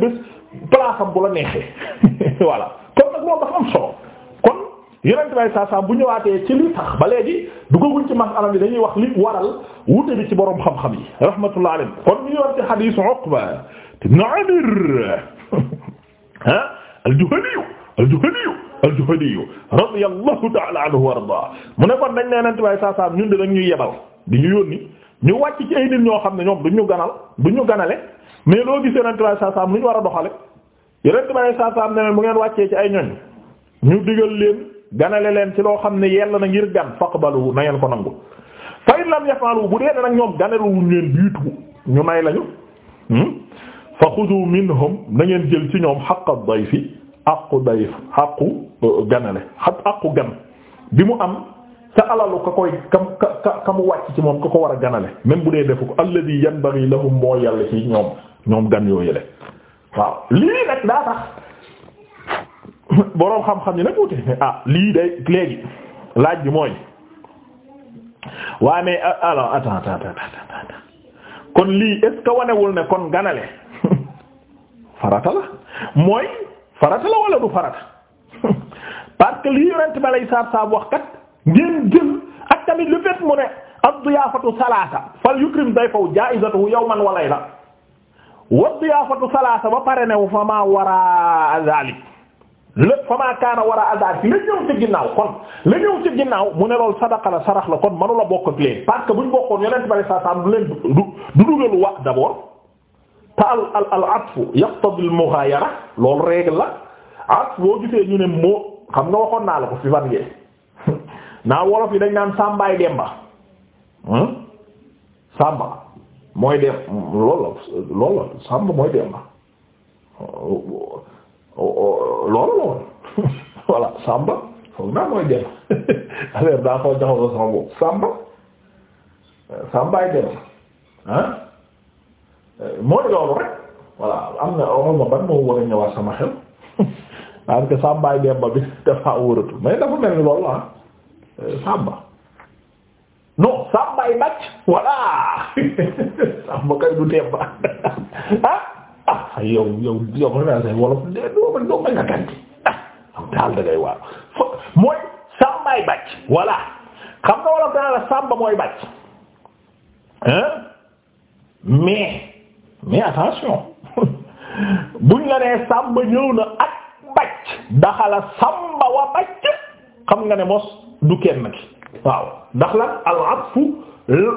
bés place am bu la neexee voilà kon nag loolu dafa am solo kon yeneen saa saa bu ñëwaatee ci li tax ba léegi duggaguñ ci masala bi dañuy wax li waral wute bi ci borom xam-xam yi rahmatullah alayhi kon ñu yor ci hadiisu Uqba ibn Amir ah al-Juhani al-Juhani al-Juhani radiyallahu ta'ala anhu wa ardaa mu ne kon dañ ne yeneen bay saa saa ñun de dañ ñuy yebal di ñu yónni ñu wàcc ci ay nit ñoo xam ne ñoom duñ ñu ganal duñ ñu ganale. mais loo gis yonent bi saa saam ñu war a doxale yonent bi saa saam ne bu ngeen wàccee ci ay ñoñ ñu digal leen ganale leen ci loo xam ne yell na ngir gan faqbalu na ngeen ko nangu fa in lam yafalu bu dee nag ñoom ganaluwuñ leen biitu ñu may lañu hmm? fa xudu minhum na ngeen jël ci ñoom xaqa fi aqu dayf aqu euh, ganale aqu gan bi mu am sa alalu ka koy ka ka ka mu wàcc ci moom ka ko war a ganale même bu dee defu ko alladi yanbaghi lahum moo yàlla ci ñoom gan yoo yële waaw lii nag daa tax boroom xam-xam ni nag wute ah lii day léegi laaj bi mooy waaye mais euh, alors kon lii est-ce wanewul ne kon ganale farata la mooy farata la wala du farata parce que lii yonent ba lay saar saab wax kat ngeen jël ak tamit lu fet mu ne ad-diyaafatu salaasa fal yukrim dayfahu jaa'izatuhu yawman wa layla wa diyaafatu salaasa ba pare new fa maa waraa zaalik lépp fa maa kaana waraa zaalik la ñëw ci ginnaaw kon la ñëw ci ginnaaw mu ne lool sadaqa la sarax la kon manula bokk ak leen parce que buñ bokkoon yonent bari sa saa du leen du du dugalu wax d'abord te al al al atfu yaqtadi al mughaayara loolu règle la atf boo gisee ñu ne moo xam nga waxoon naa la ko fi fan ngee naa wolof yi dañ naan sàmbaay demba hmm? mooy dem loolu loolu sàmm mooy loolu loolu voilà foog naa mooy dem alors daa ko jaxasoo sama bopp sàmba dem ah mooy loolu rek voilà am na waxal ma ban moo war a ñëwaat sama xel parce que sàmbaay dem ba bi dafa wóoratu mais dafa mel ni loolu ah sàmba non sàmbay macc voilà sàmba kay du tebba ah ah yow yow yow renase wolof de dooman doo ma ngakanti ah yow daal da ngay waaw xam nga wolof dana la sàmba mooy bàcc hein mais mais attention buñ la nee sàmba ñëw na ak bàcc daxala sàmba wa bàcc xam nga ne mos du kenn ki waaw ndax la al atfu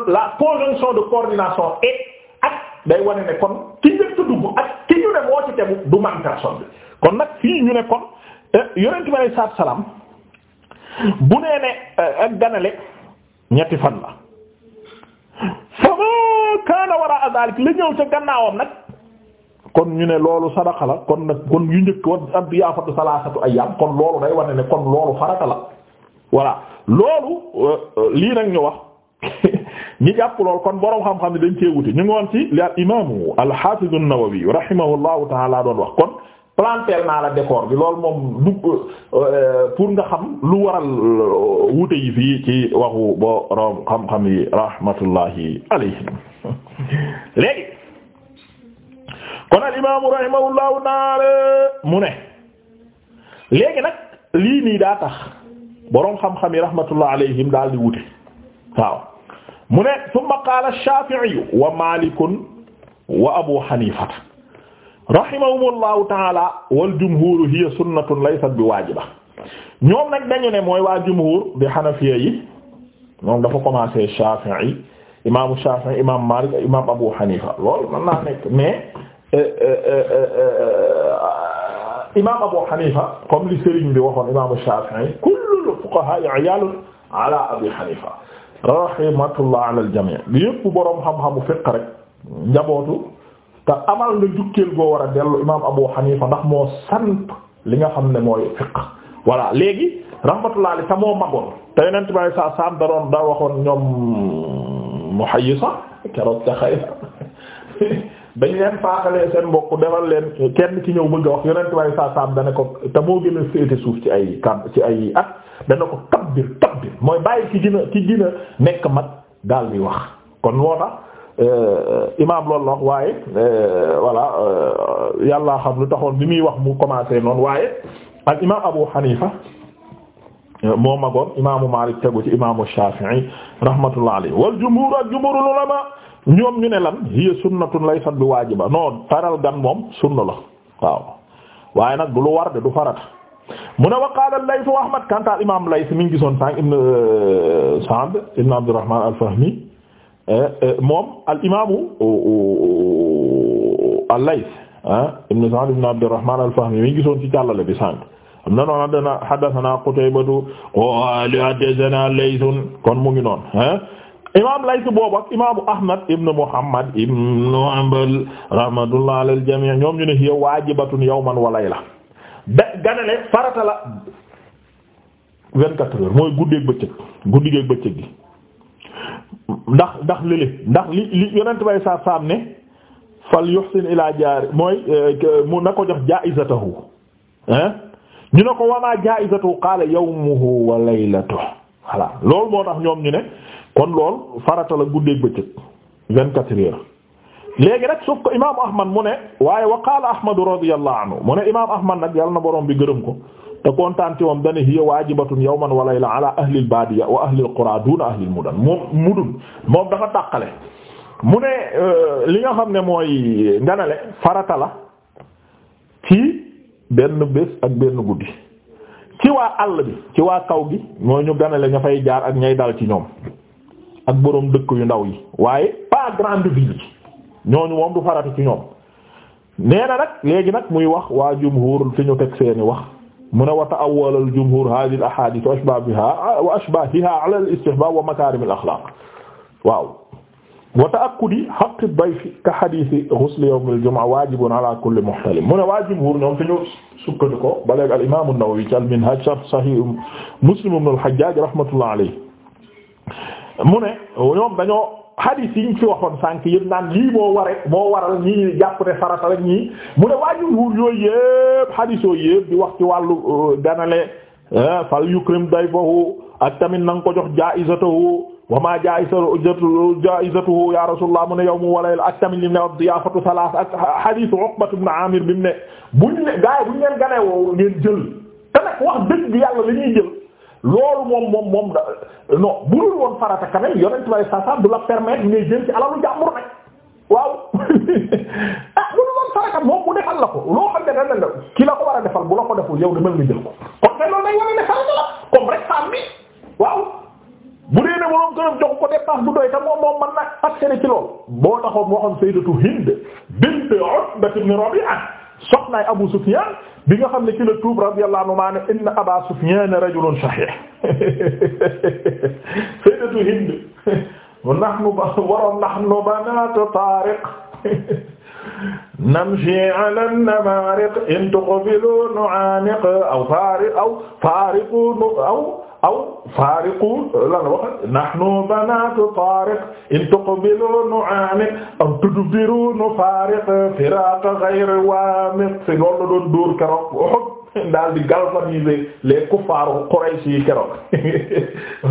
la conjonction de coordination et ak day wane ne kon ki njëkk dugg ak ki ñu ne moo ci tegu du man personne bi kon nag fii ñu ne kon eh, yonent bi alay salaam bu nee ne eh, ak ganale ñetti fan la fa ma kaana waraa dalik la ñëw ca gannaawam nag kon ñu ne loolu sadaka la kon nag kon yu njëkk wa ab yaafatu salaasatu ayyam kon loolu day wane ne kon loolu farata la voilà loolu euh, euh, lii nag ñu wax ñi jàpp lool kon boroom xam-xam ne dañ cee wuti ñu ngi woon ci li al imaamu al-Hafiz an-Nawawi rahimahullahu doon wax kon plantel naa la décor bi loolu moom du euh, pour nga xam lu waral wute yi ci waxu borom xam-xam yi rahmatullahi léegi kon al imaamu rahimahullahu ta'ala mu ne léegi nag lii nii daa boroom xam-xam yi rahmatullah alayhim daal di wute waaw mu ne thumma qaala ash-Shafi'i wa Malikun wa Abu Hanifata rahimahumullahu taala wal jumhur hiya sunnatun laysat bi waajiba ñoom nag dañu ne mooy waa jumhur bi xanafiya yi moom dafa commencé Shafi'i imaamu Shafi'i imaam Malik imaam Abu Hanifa loolu mën naa nekk mais euh, euh, euh, imaam Abu Hanifa comme li Serigne bi waxoon imaamu Shafi'i fuqahaa iyaalun ala abi hanifa rahmatullah ala al-jamii yépp boroom xam-xamu fiqh rek njabootu te amal nga jukkeel goo war a dellu imaam abu hanifa ndax moo sant li nga xam ne mooy fiqh voilà léegi rahmatullah ala te moo magoon te yonent bi saa saam da doon da waxoon ñoom muhayyisa keroog ca xayr dañ leen faaxalee seen mbokk defal leen kenn ci ñëw bëgg a wax yonent bi saa saam da ne ko te moo gën a féete suuf ci ay kàmb ci ay at dana ko kabbir kabbir mooy bàyyi ci gën a ci gën nekk mag daal di wax kon moo tax euh, imaam loolu la wax waaye euh, voilà euh, yàllaa xam lu taxoon bi muy wax mu commencé noonu waaye al imaam Abu Hanifa moo magoon imaamu Maalik tegu ci imaamu Shaafi'i rahmatullah alayhi wal jumhuur ak jumhuurul ulamaa ñoom ñu ne lan hiya sunnatun laysat bi waajiba non taral gan moom sunna la waaw waaye nag du lu war de du farata. mu ne wa qaala al-Layth wa Ahmad kanta imaam Layth mi ngi gisoon sànq ibn euh, Sa'd ibn Abdurrahman al-Fahmi euh, euh, moom al-imaamu al-Layth ibn Sa'd ibn Abdurrahman al-Fahmi mi ngi gisoon ci jàllale bi sànq am na noonu dana haddathana Qutaybatu qala haddathana Layth kon mu ngi noonu imam Layth boobu ak imaamu Ahmad ibn Muhammad ibn Hanbal rahmatullah ala al-jami' ñoom ñu ne hiya waajibatun yawman wa layla da ganale farata la vingt-quatre heures mooy guddeeg bëccëg guddigeeg bëccëg gi ndax ndax lële ndax li li yonent bay saa saam ne fal yuhsin ilaa jaari mooy eh, mu na ko jox jaa'izatahu hein ñu ne ko wamaa jaa'izatahu qaala yawmuhu wa laylatuhu voilà lool moo tax ñoom ñu ne kon lool farata la guddeeg bëccëg vingt-quatre heures léegi rek suuf ko imaamu Ahmad mu ne waaye wa qaala Ahmad radiyallahu anhu mu ne imaamu Ahmad nag yàlla na borom bi gërëm ko te kontaan ci moom dañuy hiya waajibatun yawman wa layla ala ahli al-baadiya wa ahli al-qura duuna ahli al-mudun moom mudun moom dafa tàqale. mu ne euh, li nga xam ne mooy nganale farata la ci benn bés ak benn guddi ci waa àll bi ci waa kaw gi mooy ñu ganale ña fay jaar ak ñay dal ci ñoom ak boroom dëkk yu ndaw yi waaye pas grande ville. ñooñu moom du farata ci ñoom nee na nag léegi nag muy wax waa jumhur fi ñu teg seeni wax mu ne wa ta'awwala al jumhur hadhihi al ahadith wa ashbahiha wa ashbahiha ala al istihbab wa makarim al akhlaq waaw wa ta'akkudi haqq ad-dayf ka hadith ghusl yawm al jum'a wajibun ala kulli muhtalim mu ne waa jumhur ñoom fi ñu sukkandiku ba léegi al imam an-Nawawi ci al minhaj sharh sahih muslim ibn al hajjaj rahmatullah alayhi mu ne ñoom dañoo hadith yi ñu fi waxoon sànk yëpp naan lii moo war moo waral ñii jàpp ne farata rek ñii mu ne waa jumhuur yooyu yëpp hadith yooyu yëpp di wax ci wàllu ganale euh, euh, fal yukrim dayfahu ak tamit na nga ko jox jaa'izatahu wa ma jaa'izatu jaa'izatuhu ya rasulullah mu ne yawmu wa layla ak tamit li mu ne wa diyaafatu salaas ak hadith Uqbatu ibn Aamir bi mu ne buñ ne gaa yi buñ leen ganee woo ngeen jël te nag wax dëgg yàlla la ñuy jël. loolu moom moom moom da non bu dul woon farata quand même yonent bi saa saa la permettre ngay jël ci alalu jàmbur nag waaw ah bu dul woon farata moom mu defal la ko loo xam ne dañ la ki ko a defal bu la ko deful yow demal nga jël ko kon te loolu day wane ne farata la comme rek femme waaw bu dee ne waroon gërëm jox ko dépense bu doy te moom moom man nag accès ci loolu boo taxoon moo xam Sayyidatu Hind bint Utba ibn Rabi'a soxnaay Abu Sufyan bi nga xam ne ci la tuub radiyallahu anhu maa ne inna aba sufyan rajulun sahih sayyidatu hind wa nahnu ba waroon nahnu banatu tariq namshi ala namariq in tuqbilu nu'aniq aw fariq aw fariq aw aw fariqu lan wax nahnu banatu tariq in tuqbilu nu'anik aw tudbiru nufariq firaq ghayr wamiq si loolu la doon dóor keroog Uhud daal di galvaniser les kuffaaru Quraysh yi keroog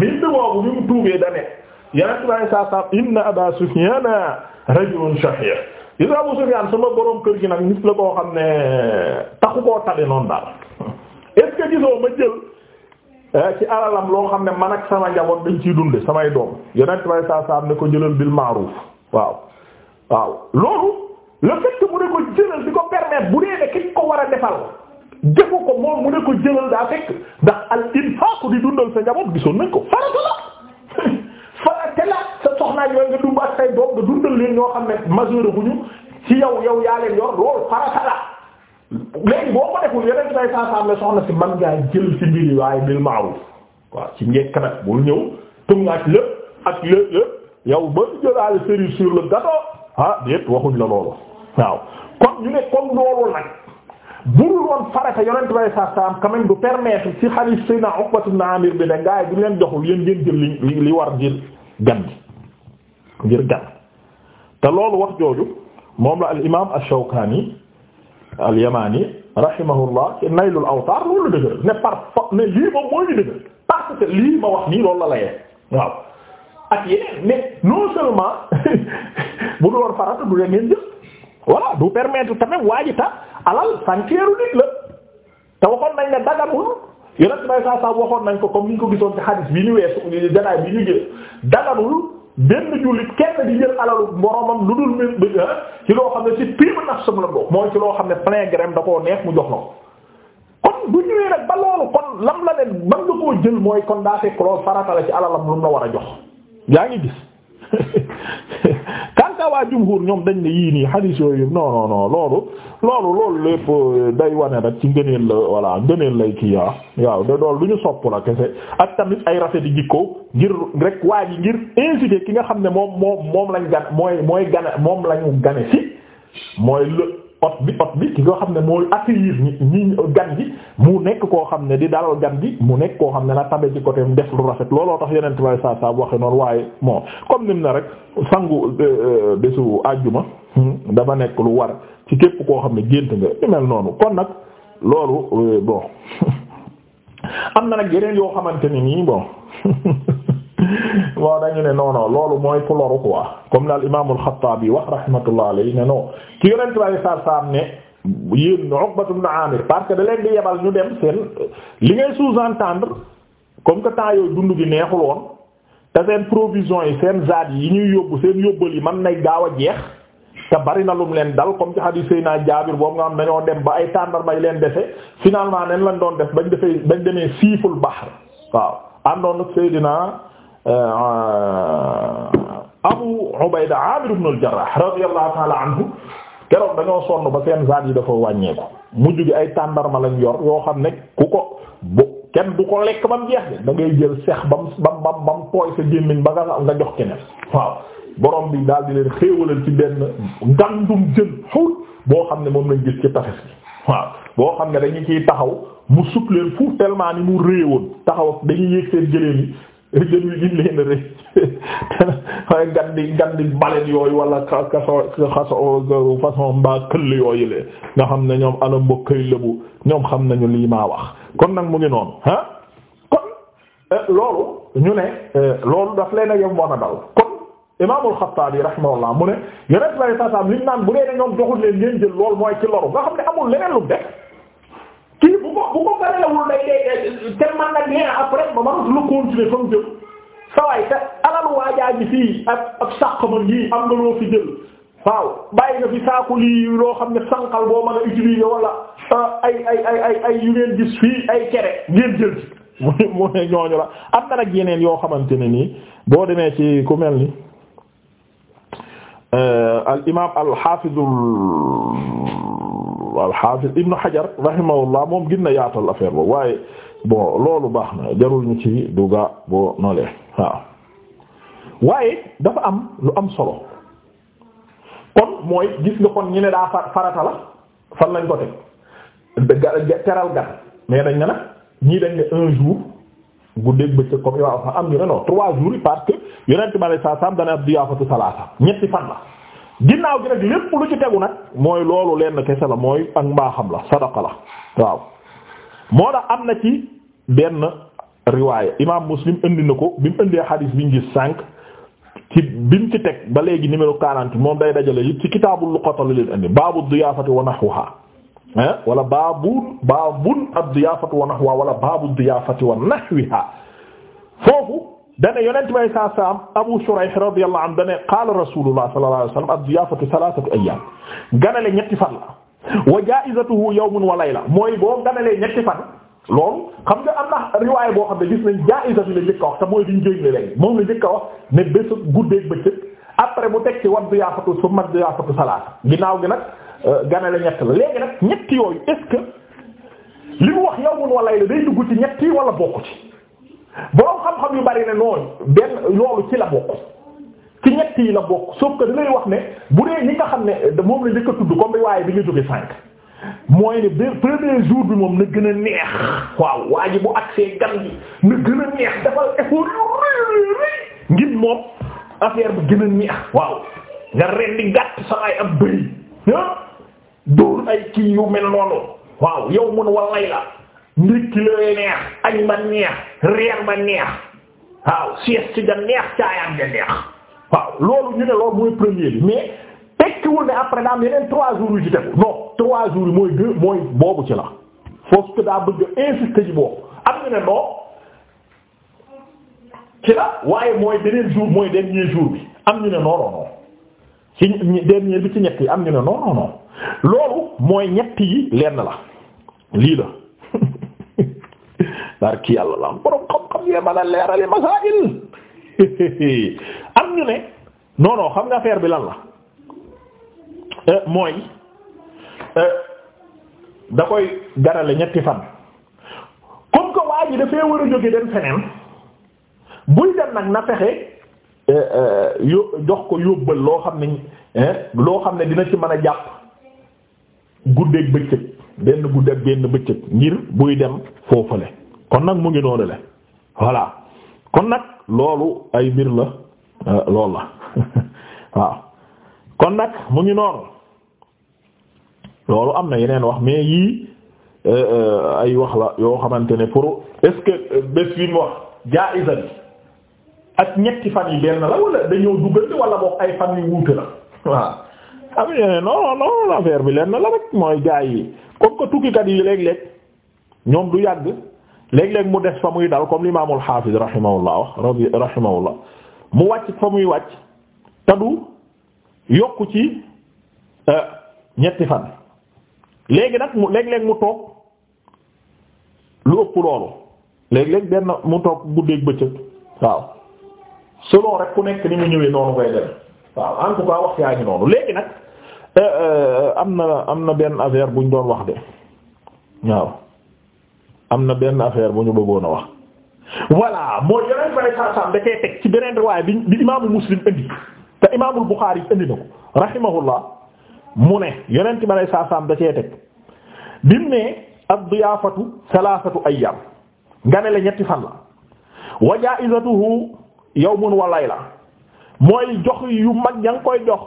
bind boobu bi mu tuubee da ne yeneen tubaab yi saa saa inna Aba Sufyan rajulun shahih gis Abu Sufyan sama borom kër gi nag nit la koo xam ne taxu koo tale noonu daal est ce que gisoo ma jël. Eh, ci alalam loo xam ne man ak sama njaboot dañ ciy dunde samay doom yonent bay saa saa am ne ko jëlal bil ma'ruf waaw waaw loolu le fait que mu ne ko jëlal di ko permettre bu dee ne ki ko war a defal defu ko moom mu ne ko jëlal daa fekk ndax al infaq di dundal sa njaboot gisoon nañ ko farata la farata la sa soxnaa yooyu nga dund ak say doom nga dundal leen ñoo xam ne majeure bu ñu ci yow yow yaa leen yor loolu farata la léegi boo ko deful yeneen say saasaam la soxna man ngaa jël ci mbiri waaye bil ma'ruf waaw ci njekk nag bul ñëw tungaaj lépp ak lépp lépp yow ba jëlaale cerise sur le gâteau ah déet waxuñ la loolu waaw kon ñu ne comme loolu nag burul woon farata yonent bay saasaam quand même du permettre ci xalis sëy naa Uqbat ibn Amir bi ne gaay bu leen joxul yéen jël li li war ngir gan ngir gan te loolu wax jooju moom la al imam ash-Shawkani al-Yamani rahimahullah ci Naylul Awtar loolu la dëgëral ne par ne lii moom mooy li dëgëral parce que lii ma wax nii loolu la layee waaw ak yeneen mais non seulement bu dul woon farata du ngeen jël voilà du permettre tamit waajita alal sànkeeru nit la te waxoon nañ ne daganul yeneen saa saa waxoon nañ ko comme ni ñu ko gisoon ci hadith bi ñu weesu janaay bi ñu daganul. benn jullit kenn di jël alalu boromam lu dul mi ah, ci loo xam ne ci a nafsam la bokk mooy ci loo xam ne plein gré da koo neex mu jox na ko kon bu ñëwee nag ba loolu kon lam la leen mën nga koo jël mooy kon daa fekk loolu farata la ci alalam lu mu la war a jox yaa ngi gis kanta waa jumhur ñoom dañ ne yii nii xadiis yooyu non non non loolu loolu loolu lépp euh, day wane rek ci ngëneel la voilà ngëneel lay kii yaa ah, waaw da dool lu ñu sopp la kese ak tamit ay rafet di jikko ngir rek waa ji ngir inciter ki nga xam ne moom moom moom lañ gan mooy mooy gane moom lañu gane si mooy lë ot bi ot bi ki nga xam ne mooy accueillir ñi ñi gan gi mu nekk koo xam ne di dalal gan gi mu nekk koo xam ne na tabe ci côté def lu rafet looloo tax yeneen tubaab saa saa waxe noonu waaye moo comme nim na rek sangu euh, euh, bésu àjjuma hmm, dama nekk lu war ci képp koo xam ne gént nga ñu mel noonu kon nag loolu euh, bon am na nag yeneen yoo xamante ni nii bon waaw dañu ne non non loolu mooy ku loru quoi comme la imaamul Xattaabi wax rahmatullah alayhi ne non ki yonent bi alayhi salaam ne yéen Uqbatu ibn Amir parce que da leen di yebal ñu dem seen li ngay sous-entendre comme que temps yooyu dund gi neexul woon te seen provisions yi seen zaad yi ñuy yóbbu seen yóbbal yi man nay gaaw a jeex te bari na lum leen dal comme ci hadith Seyna Jaabir boobu nga xam dañoo dem ba ay tàndarma bañ leen defe finalement nen lañ doon def bañ defee bañ demee siiful bahr Euh, Abu Ubayda Amir ibn al-Jarrah radiyallahu ta'ala anhu keroog dañoo sonn ba seen zaad yi dafa wàññeeku mujj gi ay tàndarma lañ yor yoo xam ne ku ko bu kenn du ko lekk ba mu jeex de ngay jël sex ba mu ba mu ba mu tooy sa gémmiñ ba nga nga jox keneen waaw borom bi daal di leen xéewalal ci benn ngandum jën xul boo xam ne moom lañ gis ci tafes bi waaw boo xam ne dañu ciy taxaw mu sut leen fuuf tellement ni mu réewoon taxaw dañuy yéeg seen jëlee jën wi gin leen rëy waaye nga xam ne ñoom ala mbokkay lëbu ñoom xam nañu lii maa wax kon nag mu ngi noonu ah kon eh, loolu ñu ne eh, loolu daf leen a yem wan a dal kon imaamul Xattaabi rahimahullah mu ne yeneen lay sasam liñ naan bu dee ne ñoom joxul leen ngeen jël loolu mooy ci loru nga xam ne amul leneen lu def kii bu ko bu ko barelawul day day te man nag nee na après ba mënatu la continuer fa mu jëm sawaay alal waajaa fii ak ak sàq man yii am na loo fi jël waaw bàyyi nga fi saaku lii loo xam ne sànqal boo mën a utiliser wala euh, ay ay ay ay ay yu ngeen gis fii ay cere ngeen jël mu ne mu ne la am na nag yeneen yoo xamante ne nii boo demee ci ku mel ni euh, al imaam al xaafizul al-Hafiz Ibn Hajar rahimahullah moom gën na yaatal affaire boobu waaye bon loolu baax na jarul ñu ci duga boo nolee waaw waaye dafa am lu am solo kon mooy gis nga kon ñu ne daa farata la fan lañ ko teg teral gan mais dañ ne nag ñii dañ ne un jour guddeeg bëccëg comme yow am ñu ne non trois jours yi parce que yonent bi sallallahu alayhi wasallam dana diyaafatu salaasa ñetti fan la ginnaaw gi nag lépp lu ci tegu nag mooy loolu lenn kese la mooy ak mbaaxam la sadaqa la waaw moo tax am na ci benn riwaaya imaam muslim indi na ko bi mu indee xadiis bi ñu gis cinq ci bi mu ci teg ba léegi numéro quarante moom day dajale yëpp ci kitaabul luqata la leen indi baabu diyaafati wa nahwaha ah wala baabun baabun ad-diyaafati wa nahwaha wala baabu diyaafati wa nahwiha foofu dane yonent bay saa saam Abu Shurayh radiyallahu anhu dane qaala rasulullah sallallahu alayhi wasallam ad-diyaafatu thalathatu ayyam ganale ñetti fan la wa jaa'izatuhu yawmun wa layla mooy boo ganalee ñetti fan loolu xam nga am na riwaay boo xam ne gis nañ jaa'izatu la njëkk a wax te mooy diñ jéeg ne léegi moom la njëkk a wax ne bés guddeeg bëccëg après mu teg ci wa diyaafatu summa diyaafatu salaasa ginnaaw gi nag euh, ganale ñett la léegi nag ñetti yooyu est-ce que li mu wax yawmun wa layla day dugg ci ñetti wala bokku ci boroom xam-xam yu bari ne noonu benn loolu ci la bokk ci ñett yi la bokk sauf que dinay wax ne bu dee ñi nga xam ne moom la njëkk tudd comme waaye bi nga jóge cinq mooy ne premier bi moom na gën a neex waaw waa ji bu agsee gan bi gën a neex dafal effort ngir moom affaire bi gën a neex waaw nga rendi gàtt sa ay ab bëy ah ay kii yu mel noonu waaw yow mun walay la ndékki la lay neex añ ba neex reer ba neex waaw sieste ga neex caayaan ga neex waaw loolu ñu ne loolu mooy premier bi mais tekkiwul ne après daa am yeneen yi mooy deux boobu ci la foofu que daa bëgg insister ci boobu am ñu ne non ci beneen jour mooy dernier jour bi am ñu ne non non non ci dernier bi ci ñett yi am ñu ne non non non loolu mooy ñett yi lenn la lii la. dar ki la am xam-xam yee mën a leerali masaa'il am ñu ne non xam nga affaire bi lan la euh, mooy euh, da koy garale ñetti fan comme que waa ji dafay war a jóge dem feneen buy dem nag na fexe euh, jox ko yóbbal loo xam ne loo xam ne dina ci mën a jàpp guddeeg bëccëg benn guddeeg bëccëg ngir buy dem foofale kon nag mu ngi noonu le voilà kon nag loolu ay mbir la euh, loolu la waaw kon nag mu ngi noonu loolu am na yeneen wax mais yii euh, euh, ay wax la yoo xamante ne pour est bés bi mu wax jaa'iza bi ak ñetti fan yi benn la wala dañoo duggante wala boog ay fan yu wuute la waaw am yeneen non non affaire bi lenn la rek mooy gaa yi comme tukkikat yi léeg-léeg ñoom du yàgg. léegi léeg mu des fa muy dal comme l'imam al-Hafiz rahimahullah wax rahimahullah mu wàcc fa muy wàcc te du yokku ci euh, ñetti fan léegi nag mu léeg-léeg mu toog lu ëpp loolu léeg-léeg benn mu toog guddeeg bëccëg waaw selon rek ku nekk ni mu ñëwee noonu koy dem waaw euh, euh, am na am na benn affaire buñ doon wax de waaw am na benn affaire bu ñu bëggoon a wax voilà mooy yeneen bari saasam da koy teg ci beneen riwaay bi bi imaamu muslim indi te imaamul buxaari indi na ko rahimahullah mu ne yeneen ma saasam da koy teg bi mu ne ad-diyaafatu salaasatu ayyaam nga ne la ñetti fan la wa jaa'izatuhu yawmun wa layla mooy jox yu mag ña koy jox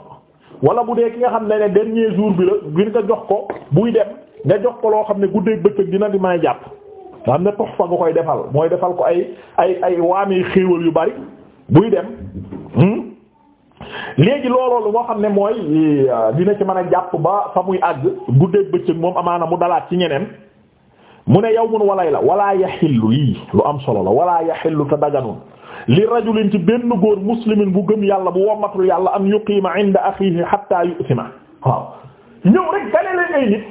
wala bu dee ki nga xam ne ne dernier jour bi la ngir nga jox ko buy dem nga jox ko loo xam ne guddeeg bëccëg dina di may jàpp. nga xam ne tox fa nga koy defal mooy defal ko ay ay ay waamee xéewal yu bari buy dem hmm? léegi looloolu moo xam ne mooy euh, dina ci mën a jàpp ba fa muy àgg guddeeg bëccëg moom amaana mu dalaat ci ñeneen mu ne yawmun walay la walaa yaxillu lii lu am solo la walaa yaxillu te daganul li rajulin ci benn góor muslimin bu gëm yàlla bu wommatul yàlla am yuqiima inda axiihi hatta yu'thima waaw ñëw rek gane leen ay nit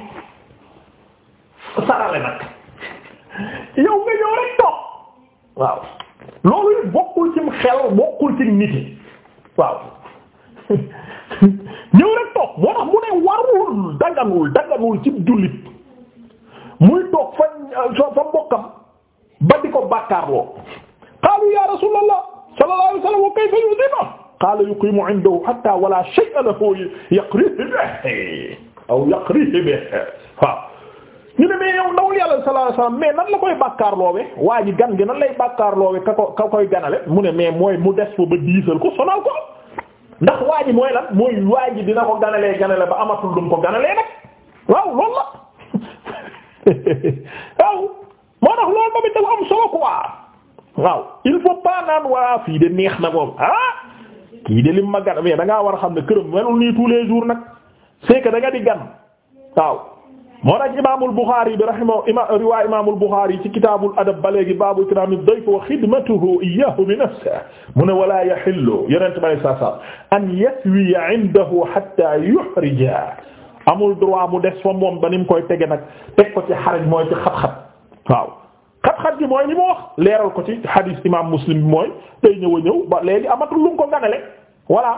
sarale nag yow nga ñëw rek toog waaw loolu it bokkul ci xel bokkul ci nit yi waaw ñëw rek toog moo tax mu ne warul daganul daganul ci jullit muy toog fa fa mbokkam ba di ko bàkkaarloo qaalu ya rasulallah sallallahu alayhi wa sallam wa kayfa yudima qaala yuqimu indahu hatta wala shay'a lahu yaqrihi bihi aw yaqrihi bihi waaw ñu ne mais yow ndawul yàlla sallallahu alayhi wasallam mais nan la koy bàkkaar loowe waa ji gan gi nan lay bàkkaar loowe ka ko ka koy ganale mu ne mais mooy mu des fa ba diisal ko sonal ko ndax waa ji mooy lan mooy waa ji dina ko ganalee ganale ba amatul dum ko ganalee nag waaw loolu la waaw moo tax loolu moom it dafa am solo quoi waaw il faut pas naan waa fii de neex na moom ah kii de lim ma gan mais da war a xam ne këram melul nii tous les nag c'est moo tax imaamul Buxaari bi rahima ima riwaay imaamul Buxaari ci kitaabul adab ba léegi baabu ikraami dayf wa xidmatuhu iyyaahu bi nafsihi mu ne walaa yahillu yonent bi saa saa an yaswiya indahu hattaa yuhrija amul droit mu des fa moom ba ni mu koy tege nag teg ko ci xaraj mooy ci xat-xat waaw xat-xat gi mooy li mu wax leeral ko ci hadis imaam Muslim bi mooy day ñëw a ñëw ba léegi amatul lu mu ko ganale voilà.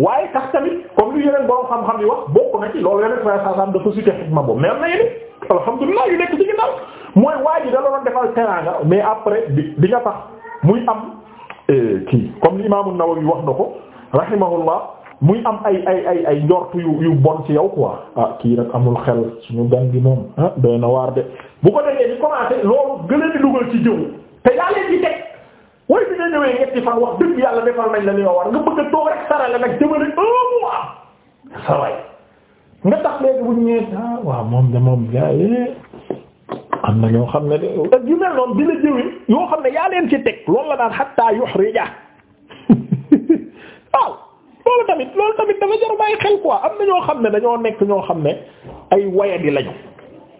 waaye tax tamit comme li yeneen borom xam-xam yi wax bokk na ci loolu yeneen saa saa dafa ko cité xikma boobu mais am na yeneen alhamdulilah yu nekk waa ji da la doon defal mais après di di nga tax muy am euh, kii comme li Imaam An-Nawawi wax na ko rahimahullah muy am ay ay ay ay njort yu yu bon ci yow quoi ah kii nag amul xel suñu gan gi moom ah doy de bu ko defee di commencé loolu gën a di ci jëw te yaa di teg. mooy bi nga ñëwee ñetti fan wax dëgg yàlla defal nañ la li nga war nga bëgg a toog rek sarale nag jëmale un ah, am na ñoo xam ne de ak yu mel noonu bi la jëwee yoo xam ne yaa leen ci teg loolu la daan hatta yuhrija waaw loolu tamit loolu tamit dafa jar bàyyi xel quoi am na ñoo xam ne dañoo nekk ñoo xam ne ay waya di lañu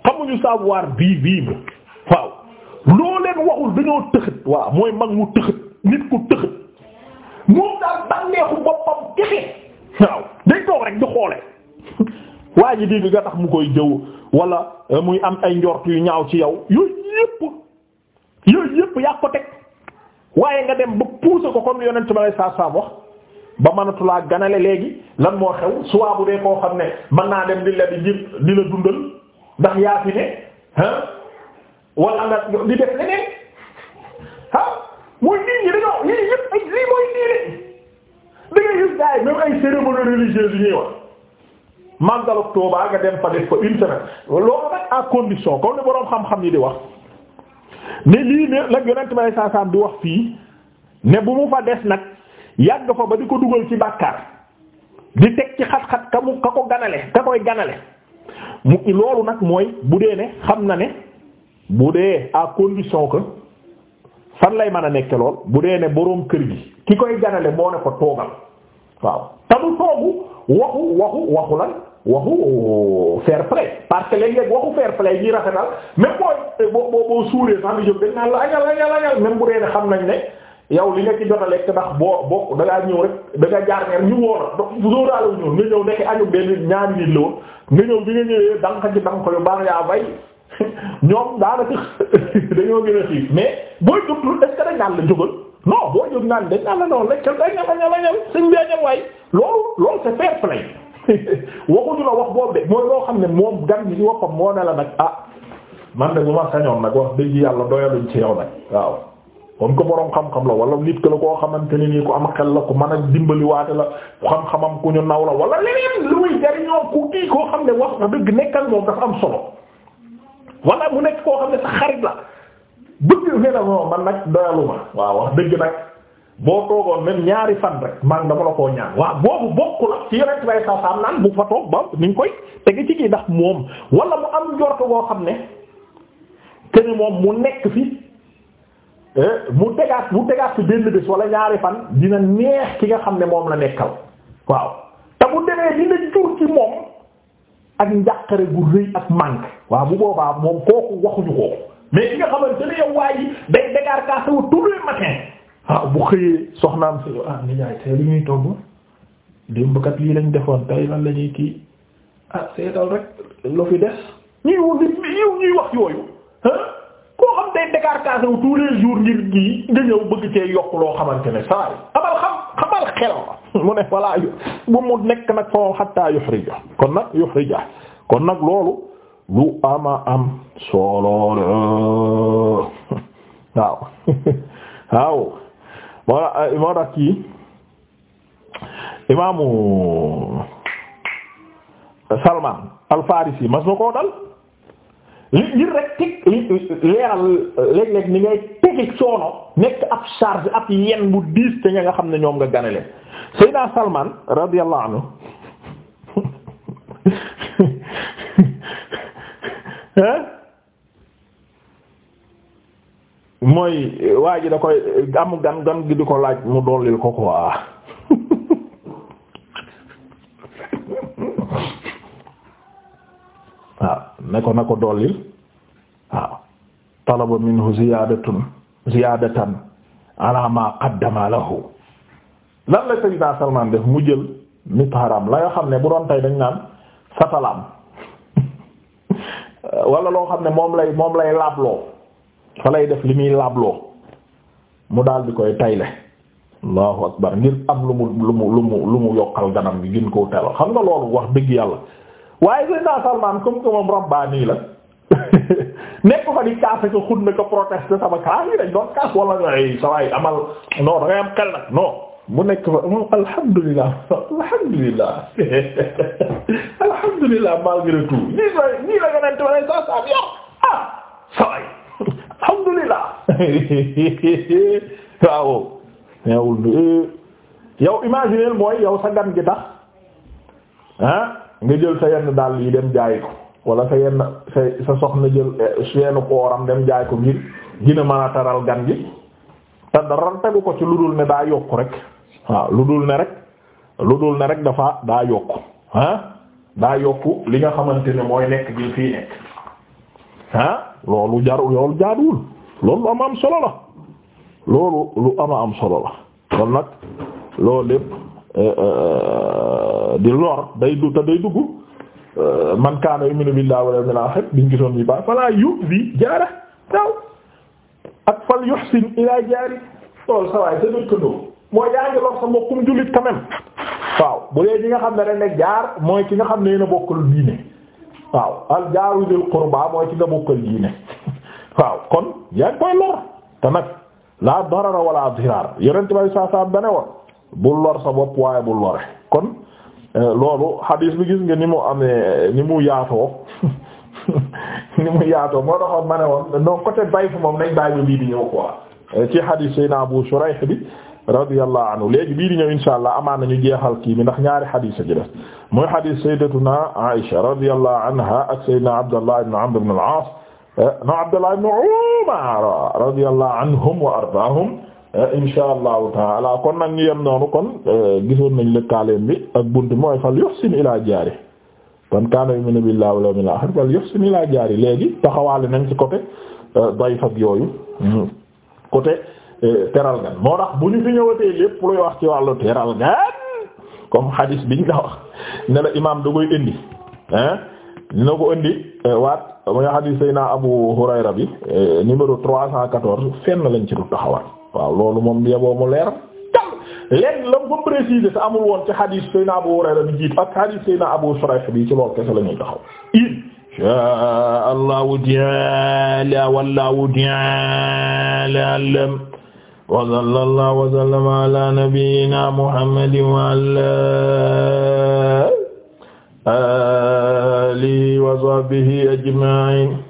xamuñu savoir vivre loo leen waxul dañoo tëxët waaw mooy mag mu tëxët nit ku tëxët moom daal bànneexu boppam kese waaw day toog rek di xoole waa ji dégg nga tax mu koy jëw wala euh, muy am ay njort yu ñaaw ci yow yooyu yëpp yooyu yëpp yaa ko teg waaye nga dem ba pousser ko comme yonent ba lay saa saa wax ba mënatulaa ganale léegi lan moo xew su bu dee koo xam ne mën naa dem di la di di la dundal ndax yaa fi ne ah. wala nga di def leneen ah mooy nit ñi dañoo yii yëpp ay lii mooy diine da ngay gis daay même ay cérémonie nga dem fa def fa une semaine condition comme boroom xam yi di wax ne lii ne wax fii ne bu mu nag yàgg fa ba di ko dugal ci bàkkaar di ci xat-xat ka mu loolu nag mooy bu dee ne xam na ne. bu dee à condition que fan lay mën a nekke lool bu dee ne boroom kër gi ki koy ganale moo ne ko toogal waaw te du toogu waxu waxu waxu lan waxu fair play parce que léeg-léeg waxu fair play yi rafetal même boo boo boo suuree sax ni jëm dañ naan la añal añal bu dee ne xam nañ ne yow li nga ci jot a lekk boo boo da ngaa ñëw rek da jaar ngeen ñu woo la donc soo daaloo ñëw nga ñëw nekk añu benn ñaari nit la nga ñëw bi nga ñëwee danga ci danga ko yu baax yaa bay ñoom daanaka dañoo gën a xiif mais booy jóg lu est-ce que dañ naan la jógal non boo jóg naan dañ naan la noonu lekkal day ñafa ñala ñal suñ beeñal waay loolu loolu c'est fair play waxuñu la wax boobu de mooy loo xam ne moom gan gi ci woppam moo ne la nag ah man de bu ma sañoon nag wax dëgg ci yow nag waaw comme que boroom xam-xam la wala nit ko la koo xamante ne nii ku am xel la ku mën a dimbaliwaate xam-xamam ku ñu naw la wala leneen lu muy jariñoo ku kii koo xam ne wax na dëgg nekkal moom dafa am solo wala mu nekk koo xam ne sa xarit la bëgg nga ne non man nag doyaluma waaw wax dëgg nag boo toogoon même ñaari fan rek man dama la koo ñaan waaw boobu bokku la ci rek bay sa saam naan bu fa toog ba ni nga koy teg ci kii ndax moom wala mu am ko boo xam ne te ni moom mu nekk fi eh, mu tegaat mu tegaat fi benn bés wala ñaari fan dina neex ki nga xam ne moom la nekkal waaw te bu demee dina jur ci moom. ak njàqare gu rëy ak manque waaw bu boobaa moom kooku waxuñu ko mais ki nga xamante ne yow waa day décarcassé wu tous les waaw ah bu xëyee soxnaam si ah ni yaay tey li ñuy lii lañ defoon tey lan la ñuy kii ah seetal rek loo fi des ñuy wut ñuy ñuy wax yooyu ah koo xam day décarcassé wu tous les jours nga ñëw bëgg cee yokk loo xamante ne saa yi xamal xel mu ne walla yu bu mu nekk nag foo xattaa yuxrija kon nag kon nag loolu lu ama am solo la waaw waaw moo eh, Salman al mas na koo li ngir rek teg leeral euh, léeg-léeg ni ngay tegi coono nekk ab charge ab yen bu diis te nga xam ne ñoom nga ganale Seydina Salman radiyallahu anhu mooy waa ji da koy am gan gan gi di ko laaj mu dollil ko quoi waaw ne ko na ko dollil waaw talaba minhu ziyaadatun ziyaadatan ala ma qaddama lahu lan la sayyida Salman def mu jël mitharam la nga xam ne bu doon tey dañ naan satalaam wala loo xam ne moom lay moom lay laabloo fa lay def li muy laabloo mu daal di koy tayle allahu akbar ngir am lu mu lu mu lu mu lu mu yokkal ganam gi gën koo teral xam nga loolu wax dëgg yàlla waaye Seydina Salman comme que rabbaani la nekk ko di kaas ak xun na ko protester sama kaas yi dañ doon kaas wala ay sa waay amal non da ngay am xel nag mu nekk fa alhamdulilah alhamdulilah alhamdulilah malgré tout nii la nii la nga naan wala saa saa yow ah sa waay alhamdulilah waaw. Eh. yow imaginer mooy yow sa gan gi tax ah. nga jël sa yenn dàll yi dem jaay ko wala sa yenn sa sa soxna jël eh, seenu kooram dem jaay ko ngir gina mën a gan gi te dara tegu ko ci lu dul ne daa yokk rek waaw lu dul ne rek lu dul ne rek dafa daa yokk ah daa yokk li nga xamante ne mooy nekk gi fii nekk ah loolu jaar loolu jaaduwul loolu lu am am solo la loolu lu ama am solo la kon nag loolu lépp Euh, euh, euh, di lor day du te day dugg man kaana yu'minu billahi wal yawmil akhir biñ gisoon bi baax fala yu'zi jaara waaw ak fal yuhsin ila jaari loolu sa waay sa dëkkandoo mooy yaa ngi lor sa mbokkum jullit quand waaw bu dee ñi nga xam ne dañ ne jaar mooy ki nga xam ne yéen a bokkal diine waaw al jaaru dil qurba mooy ki nga bokkal diine waaw kon yaa ngi koy lor te nag la darara wala dirar yonent bay saa saa beneen woon bu lor sa bopp waaye bu kon euh, loolu hadis bi gis nga ni mu amee ni mu yaatoo ni yaatoo moo taxoon ma ne woon donc côté bayfu moom nañ bàyyi bii di ñëw quoi euh, ci hadis sayna Abu Shurayh bi radiyallahu anhu léegi bii di ñëw insha amaan nañu jeexal kii bi ndax ñaari hadis a ci def mooy hadis sayyidatuna Aisha radiyallahu anha ak saydna Abdallah ibn Amr ibn al-As euh, no Abdallah ibn Umar radiyallahu anhum wa ardaahum Eh, insha allahu taala kon nag ñu yem noonu kon eh, gisoon nañ lëkkaaleen bi ak bunt mooy fal yuhsin ilaa jaari kon kaana yu'minu billahi wal yawmil akhir fal yuhsin laa jaari léegi taxawaale nañ ci côté eh, dayf ak yooyu hmm. côté teral gan moo tax bu ñu fi ñëwatee lépp luy wax ci wàllu teral gan comme hadis biñ la wax ne la imaam da koy indi hein dina ko indi waat mooy hadis sayna Abu Hurayra bi numéro 314 fenn lañ ci du taxawaat waaw loolu moom yeboo mu leer lenn la ba préciser sa amul woon ci xadiis Seydina Abu Hurayra bi jiit ak xadiis Seydina Abu Shurayh bi ci loolu kese la ñuy taxaw inshaa Allahu ta'ala wallahu ta'ala a'lam wa sallallahu wa sallama ala nabiyyina Muhammadin wa ala alihi wa sahbihi ajma'in